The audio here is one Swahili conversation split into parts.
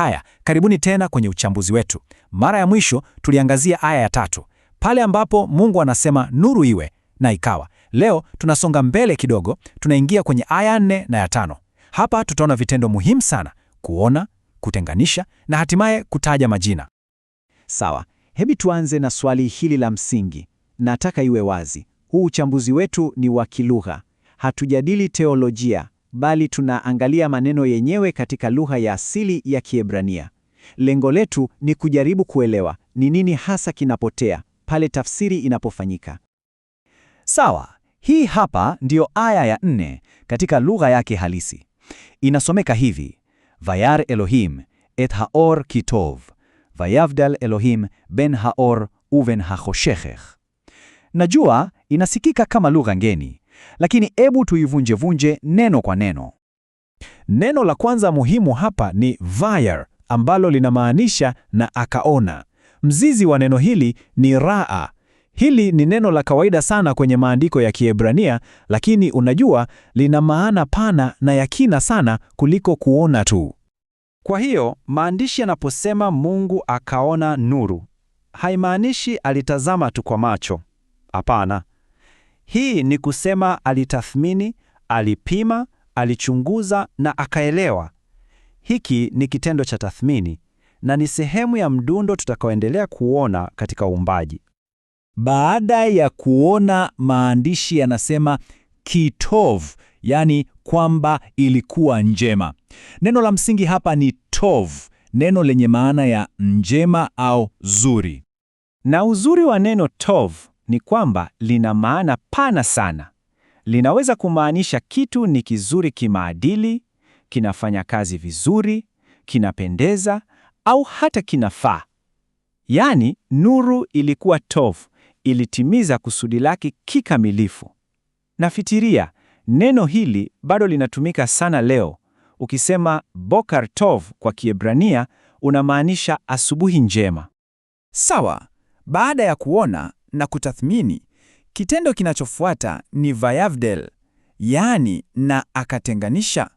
Haya, karibuni tena kwenye uchambuzi wetu. Mara ya mwisho tuliangazia aya ya tatu pale ambapo Mungu anasema nuru iwe na ikawa. Leo tunasonga mbele kidogo, tunaingia kwenye aya nne na ya tano. Hapa tutaona vitendo muhimu sana: kuona, kutenganisha na hatimaye kutaja majina. Sawa, hebi tuanze na swali hili la msingi. Nataka iwe wazi, huu uchambuzi wetu ni wa kilugha, hatujadili teolojia bali tunaangalia maneno yenyewe katika lugha ya asili ya Kiebrania. Lengo letu ni kujaribu kuelewa ni nini hasa kinapotea pale tafsiri inapofanyika. Sawa, hii hapa ndiyo aya ya nne katika lugha yake halisi. Inasomeka hivi: Vayar Elohim et haor kitov vayavdal Elohim ben haor uven hachoshekh. Najua inasikika kama lugha ngeni, lakini hebu tuivunjevunje neno kwa neno. Neno la kwanza muhimu hapa ni vair, ambalo linamaanisha na akaona. Mzizi wa neno hili ni raa. Hili ni neno la kawaida sana kwenye maandiko ya Kiebrania, lakini unajua lina maana pana na ya kina sana kuliko kuona tu. Kwa hiyo maandishi yanaposema Mungu akaona nuru, haimaanishi alitazama tu kwa macho. Hapana, hii ni kusema alitathmini, alipima, alichunguza na akaelewa. Hiki ni kitendo cha tathmini na ni sehemu ya mdundo tutakaoendelea kuona katika uumbaji. Baada ya kuona, maandishi yanasema kitov, yani kwamba ilikuwa njema. Neno la msingi hapa ni tov, neno lenye maana ya njema au zuri. Na uzuri wa neno tov ni kwamba lina maana pana sana. Linaweza kumaanisha kitu ni kizuri kimaadili, kinafanya kazi vizuri, kinapendeza au hata kinafaa. Yaani, nuru ilikuwa tov ilitimiza kusudi lake kikamilifu. nafitiria neno hili bado linatumika sana leo. Ukisema bokar Tov kwa Kiebrania unamaanisha asubuhi njema. Sawa, baada ya kuona na kutathmini, kitendo kinachofuata ni vayavdel, yaani na akatenganisha.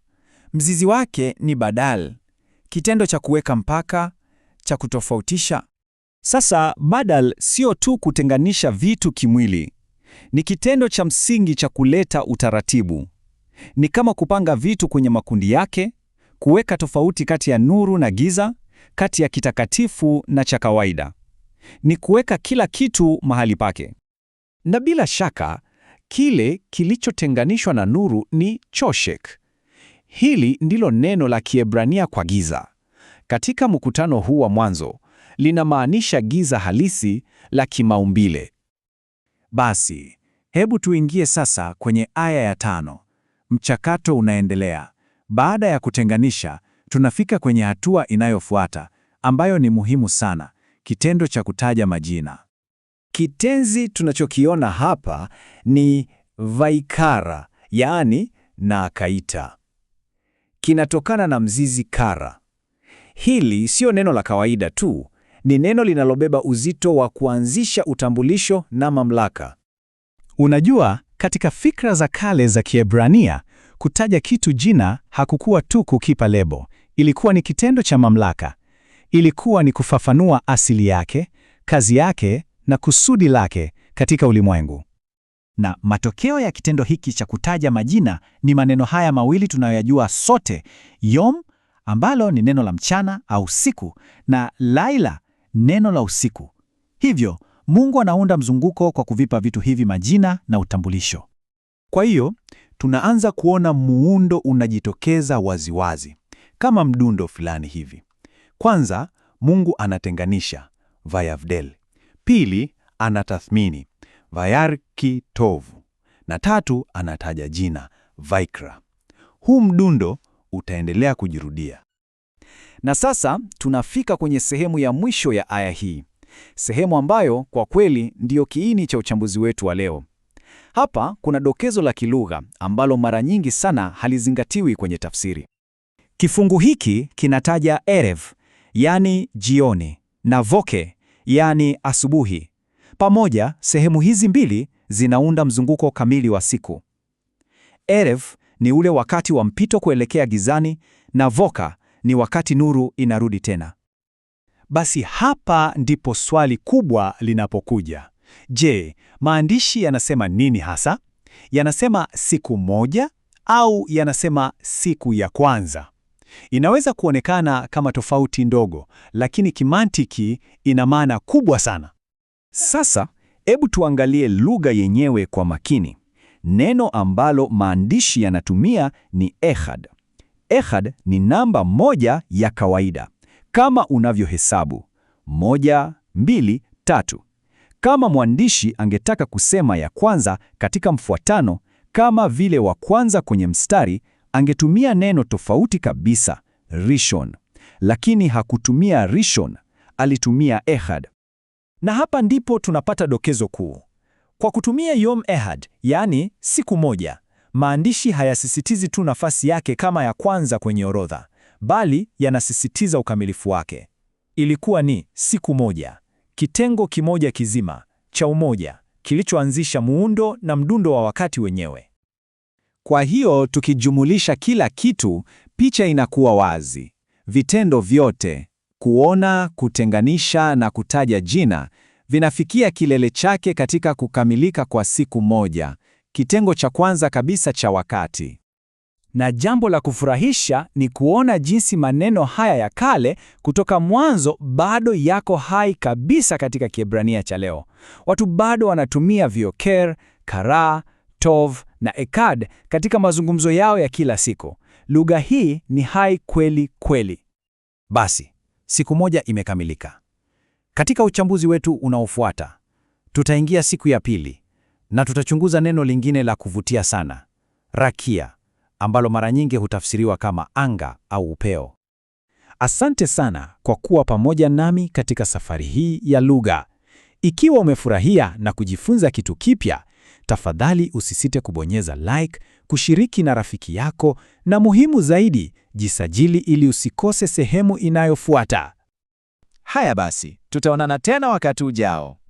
Mzizi wake ni badal, kitendo cha kuweka mpaka, cha kutofautisha. Sasa badal sio tu kutenganisha vitu kimwili, ni kitendo cha msingi cha kuleta utaratibu. Ni kama kupanga vitu kwenye makundi yake, kuweka tofauti kati ya nuru na giza, kati ya kitakatifu na cha kawaida ni kuweka kila kitu mahali pake. Na bila shaka kile kilichotenganishwa na nuru ni choshek. Hili ndilo neno la Kiebrania kwa giza. Katika mkutano huu wa mwanzo, linamaanisha giza halisi la kimaumbile. Basi, hebu tuingie sasa kwenye aya ya tano. Mchakato unaendelea. Baada ya kutenganisha, tunafika kwenye hatua inayofuata ambayo ni muhimu sana kitendo cha kutaja majina. Kitenzi tunachokiona hapa ni vaikara, yaani na akaita. Kinatokana na mzizi kara. Hili sio neno la kawaida tu, ni neno linalobeba uzito wa kuanzisha utambulisho na mamlaka. Unajua, katika fikra za kale za Kiebrania, kutaja kitu jina hakukuwa tu kukipa lebo, ilikuwa ni kitendo cha mamlaka ilikuwa ni kufafanua asili yake, kazi yake na kusudi lake katika ulimwengu. Na matokeo ya kitendo hiki cha kutaja majina ni maneno haya mawili tunayoyajua sote, yom ambalo ni neno la mchana au siku, na laila, neno la usiku. Hivyo Mungu anaunda mzunguko kwa kuvipa vitu hivi majina na utambulisho. Kwa hiyo tunaanza kuona muundo unajitokeza waziwazi wazi, kama mdundo fulani hivi. Kwanza, Mungu anatenganisha vayavdel. Pili, anatathmini vayarki tovu, na tatu, anataja jina vaikra. Huu mdundo utaendelea kujirudia. Na sasa tunafika kwenye sehemu ya mwisho ya aya hii, sehemu ambayo kwa kweli ndiyo kiini cha uchambuzi wetu wa leo. Hapa kuna dokezo la kilugha ambalo mara nyingi sana halizingatiwi kwenye tafsiri. Kifungu hiki kinataja erev yani jioni, na voke, yani asubuhi. Pamoja, sehemu hizi mbili zinaunda mzunguko kamili wa siku. Erev ni ule wakati wa mpito kuelekea gizani na voka ni wakati nuru inarudi tena. Basi hapa ndipo swali kubwa linapokuja. Je, maandishi yanasema nini hasa? Yanasema siku moja au yanasema siku ya kwanza? Inaweza kuonekana kama tofauti ndogo, lakini kimantiki ina maana kubwa sana. Sasa hebu tuangalie lugha yenyewe kwa makini. Neno ambalo maandishi yanatumia ni ehad. Ehad ni namba moja ya kawaida kama unavyohesabu moja, mbili, tatu. Kama mwandishi angetaka kusema ya kwanza katika mfuatano kama vile wa kwanza kwenye mstari, angetumia neno tofauti kabisa, Rishon, lakini hakutumia Rishon, alitumia Ehad. Na hapa ndipo tunapata dokezo kuu. Kwa kutumia Yom Ehad, yaani siku moja, maandishi hayasisitizi tu nafasi yake kama ya kwanza kwenye orodha, bali yanasisitiza ukamilifu wake. Ilikuwa ni siku moja, kitengo kimoja kizima cha umoja kilichoanzisha muundo na mdundo wa wakati wenyewe. Kwa hiyo tukijumulisha kila kitu, picha inakuwa wazi. Vitendo vyote, kuona, kutenganisha na kutaja jina, vinafikia kilele chake katika kukamilika kwa siku moja, kitengo cha kwanza kabisa cha wakati. Na jambo la kufurahisha ni kuona jinsi maneno haya ya kale kutoka mwanzo bado yako hai kabisa katika Kiebrania cha leo. Watu bado wanatumia vioker, karaa Tov na Ekad katika mazungumzo yao ya kila siku. Lugha hii ni hai kweli kweli. Basi, siku moja imekamilika. Katika uchambuzi wetu unaofuata, tutaingia siku ya pili na tutachunguza neno lingine la kuvutia sana, Rakia, ambalo mara nyingi hutafsiriwa kama anga au upeo. Asante sana kwa kuwa pamoja nami katika safari hii ya lugha. Ikiwa umefurahia na kujifunza kitu kipya, Tafadhali usisite kubonyeza like, kushiriki na rafiki yako, na muhimu zaidi, jisajili ili usikose sehemu inayofuata. Haya basi, tutaonana tena wakati ujao.